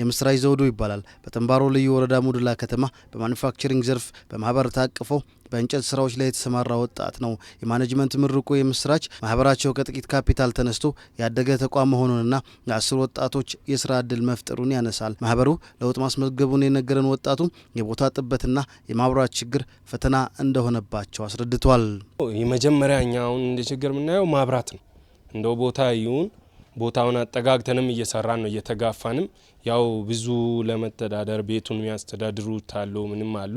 የምስራች ዘውዱ ይባላል። በጥንባሮ ልዩ ወረዳ ሙድላ ከተማ በማኒፋክቸሪንግ ዘርፍ በማህበር ታቅፎ በእንጨት ስራዎች ላይ የተሰማራ ወጣት ነው። የማኔጅመንት ምርቁ የምስራች ማህበራቸው ከጥቂት ካፒታል ተነስቶ ያደገ ተቋም መሆኑንና ለአስር ወጣቶች የስራ እድል መፍጠሩን ያነሳል። ማህበሩ ለውጥ ማስመዝገቡን የነገረን ወጣቱ የቦታ ጥበትና የማብራት ችግር ፈተና እንደሆነባቸው አስረድቷል። የመጀመሪያ እኛ አሁን እንደ ችግር የምናየው ማብራት ነው። እንደው ቦታ ይሁን ቦታውን አጠጋግተንም እየሰራን ነው እየተጋፋንም። ያው ብዙ ለመተዳደር ቤቱን የሚያስተዳድሩት አሉ ምንም አሉ።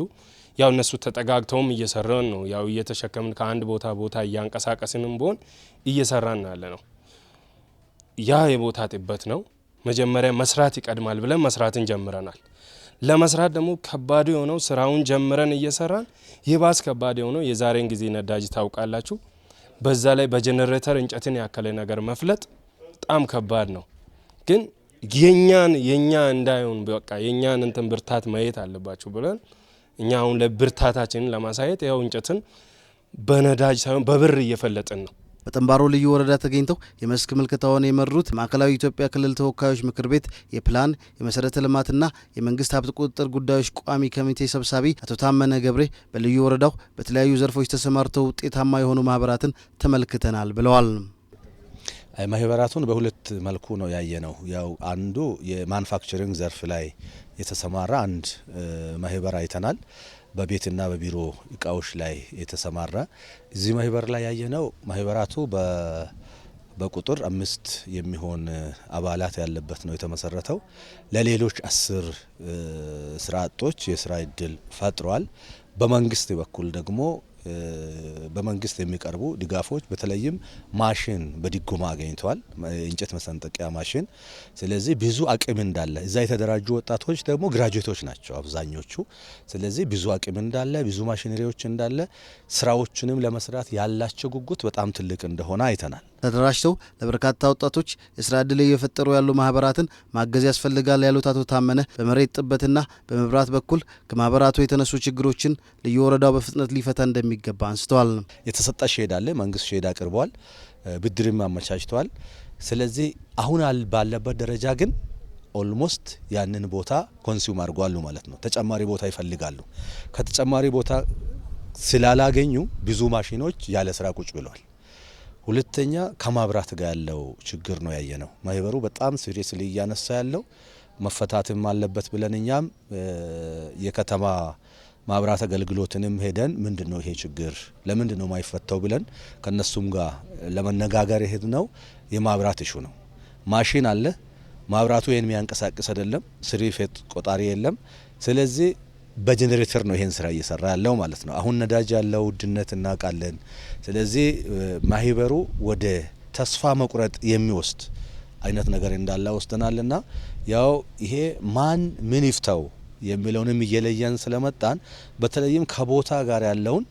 ያው እነሱ ተጠጋግተውም እየሰራን ነው። ያው እየተሸከምን ከአንድ ቦታ ቦታ እያንቀሳቀስንም ቢሆን እየሰራን ያለ ነው። ያ የቦታ ጥበት ነው። መጀመሪያ መስራት ይቀድማል ብለን መስራትን ጀምረናል። ለመስራት ደግሞ ከባዱ የሆነው ስራውን ጀምረን እየሰራን የባስ ከባድ የሆነው የዛሬን ጊዜ ነዳጅ ታውቃላችሁ። በዛ ላይ በጀኔሬተር እንጨትን ያከለ ነገር መፍለጥ በጣም ከባድ ነው። ግን የኛን የኛ እንዳይሆን በቃ የኛን እንትን ብርታት ማየት አለባችሁ ብለን እኛ አሁን ለብርታታችንን ለማሳየት ያው እንጨትን በነዳጅ ሳይሆን በብር እየፈለጥን ነው። በጥንባሮ ልዩ ወረዳ ተገኝተው የመስክ ምልከታውን የመሩት ማዕከላዊ ኢትዮጵያ ክልል ተወካዮች ምክር ቤት የፕላን የመሰረተ ልማትና የመንግስት ሀብት ቁጥጥር ጉዳዮች ቋሚ ኮሚቴ ሰብሳቢ አቶ ታመነ ገብሬ በልዩ ወረዳው በተለያዩ ዘርፎች ተሰማርተው ውጤታማ የሆኑ ማህበራትን ተመልክተናል ብለዋል። ማህበራቱን በሁለት መልኩ ነው ያየነው። ያው አንዱ የማኑፋክቸሪንግ ዘርፍ ላይ የተሰማራ አንድ ማህበር አይተናል። በቤትና በቢሮ እቃዎች ላይ የተሰማራ እዚህ ማህበር ላይ ያየነው ማህበራቱ በቁጥር አምስት የሚሆን አባላት ያለበት ነው የተመሰረተው። ለሌሎች አስር ስራ አጦች የስራ እድል ፈጥሯል። በመንግስት በኩል ደግሞ በመንግስት የሚቀርቡ ድጋፎች በተለይም ማሽን በድጎማ አገኝተዋል፣ እንጨት መሰንጠቂያ ማሽን። ስለዚህ ብዙ አቅም እንዳለ እዛ የተደራጁ ወጣቶች ደግሞ ግራጁዌቶች ናቸው አብዛኞቹ። ስለዚህ ብዙ አቅም እንዳለ፣ ብዙ ማሽነሪዎች እንዳለ፣ ስራዎችንም ለመስራት ያላቸው ጉጉት በጣም ትልቅ እንደሆነ አይተናል። ተደራጅተው ለበርካታ ወጣቶች የስራ እድል እየፈጠሩ ያሉ ማህበራትን ማገዝ ያስፈልጋል ያሉት አቶ ታመነ በመሬት ጥበትና በመብራት በኩል ከማህበራቱ የተነሱ ችግሮችን ልዩ ወረዳው በፍጥነት ሊፈታ እንደሚ በሚገባ አንስተዋል። የተሰጠ ሼድ አለ፣ መንግስት ሼድ አቅርቧል፣ ብድርም አመቻችቷል። ስለዚህ አሁን ባለበት ደረጃ ግን ኦልሞስት ያንን ቦታ ኮንሱም አድርጓሉ ማለት ነው። ተጨማሪ ቦታ ይፈልጋሉ። ከተጨማሪ ቦታ ስላላገኙ ብዙ ማሽኖች ያለ ስራ ቁጭ ብሏል። ሁለተኛ ከማብራት ጋር ያለው ችግር ነው ያየ ነው። ማህበሩ በጣም ሲሪየስሊ እያነሳ ያለው መፈታትም አለበት ብለን እኛም የከተማ ማብራት አገልግሎትንም ሄደን ምንድን ነው ይሄ ችግር ለምንድን ነው ማይፈታው ብለን ከነሱም ጋር ለመነጋገር የሄድ ነው። የማብራት እሹ ነው። ማሽን አለ፣ ማብራቱ ይህን የሚያንቀሳቅስ አይደለም። ስሪፌት ቆጣሪ የለም። ስለዚህ በጀኔሬተር ነው ይሄን ስራ እየሰራ ያለው ማለት ነው። አሁን ነዳጅ ያለው ውድነት እናውቃለን። ስለዚህ ማህበሩ ወደ ተስፋ መቁረጥ የሚወስድ አይነት ነገር እንዳለ ወስደናልና ያው ይሄ ማን ምን ይፍታው የሚለውንም እየለየን ስለመጣን በተለይም ከቦታ ጋር ያለውን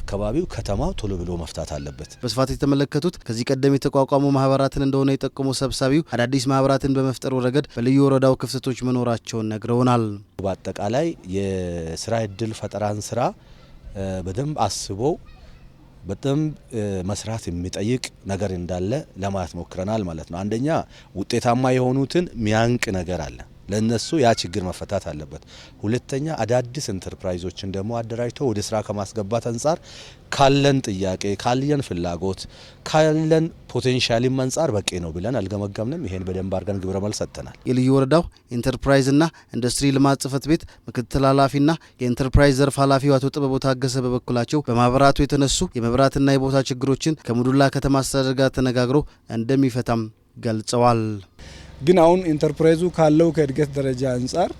አካባቢው ከተማው ቶሎ ብሎ መፍታት አለበት። በስፋት የተመለከቱት ከዚህ ቀደም የተቋቋሙ ማህበራትን እንደሆነ የጠቁሙ ሰብሳቢው አዳዲስ ማህበራትን በመፍጠሩ ረገድ በልዩ ወረዳው ክፍተቶች መኖራቸውን ነግረውናል። በአጠቃላይ የስራ እድል ፈጠራን ስራ በደንብ አስቦ በደንብ መስራት የሚጠይቅ ነገር እንዳለ ለማለት ሞክረናል ማለት ነው። አንደኛ ውጤታማ የሆኑትን ሚያንቅ ነገር አለ ለእነሱ ያ ችግር መፈታት አለበት። ሁለተኛ አዳዲስ ኢንተርፕራይዞችን ደግሞ አደራጅቶ ወደ ስራ ከማስገባት አንጻር ካለን ጥያቄ ካለን ፍላጎት ካለን ፖቴንሻልም አንጻር በቂ ነው ብለን አልገመገምንም። ይሄን በደንብ አድርገን ግብረ መልስ ሰጥተናል። የልዩ ወረዳው ኢንተርፕራይዝና ኢንዱስትሪ ልማት ጽህፈት ቤት ምክትል ኃላፊና የኢንተርፕራይዝ ዘርፍ ኃላፊው አቶ ጥበቦ ታገሰ በበኩላቸው በማህበራቱ የተነሱ የመብራትና የቦታ ችግሮችን ከሙዱላ ከተማ አስተዳደር ጋር ተነጋግሮ እንደሚፈታም ገልጸዋል። ግን አሁን ኢንተርፕራይዙ ካለው ከእድገት ደረጃ አንጻር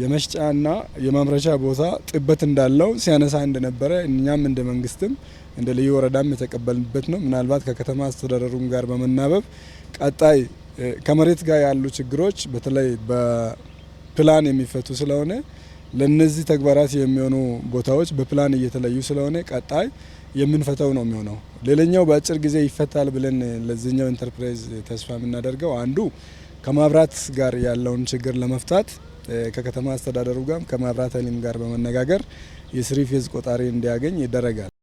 የመሸጫና የማምረቻ ቦታ ጥበት እንዳለው ሲያነሳ እንደነበረ እኛም እንደ መንግስትም እንደ ልዩ ወረዳም የተቀበልንበት ነው። ምናልባት ከከተማ አስተዳደሩም ጋር በመናበብ ቀጣይ ከመሬት ጋር ያሉ ችግሮች በተለይ በፕላን የሚፈቱ ስለሆነ ለነዚህ ተግባራት የሚሆኑ ቦታዎች በፕላን እየተለዩ ስለሆነ ቀጣይ የምንፈተው ነው የሚሆነው። ሌላኛው በአጭር ጊዜ ይፈታል ብለን ለዚህኛው ኢንተርፕራይዝ ተስፋ የምናደርገው አንዱ ከማብራት ጋር ያለውን ችግር ለመፍታት ከከተማ አስተዳደሩ ጋር ከማብራት ኃይልም ጋር በመነጋገር የስሪ ፌዝ ቆጣሪ እንዲያገኝ ይደረጋል።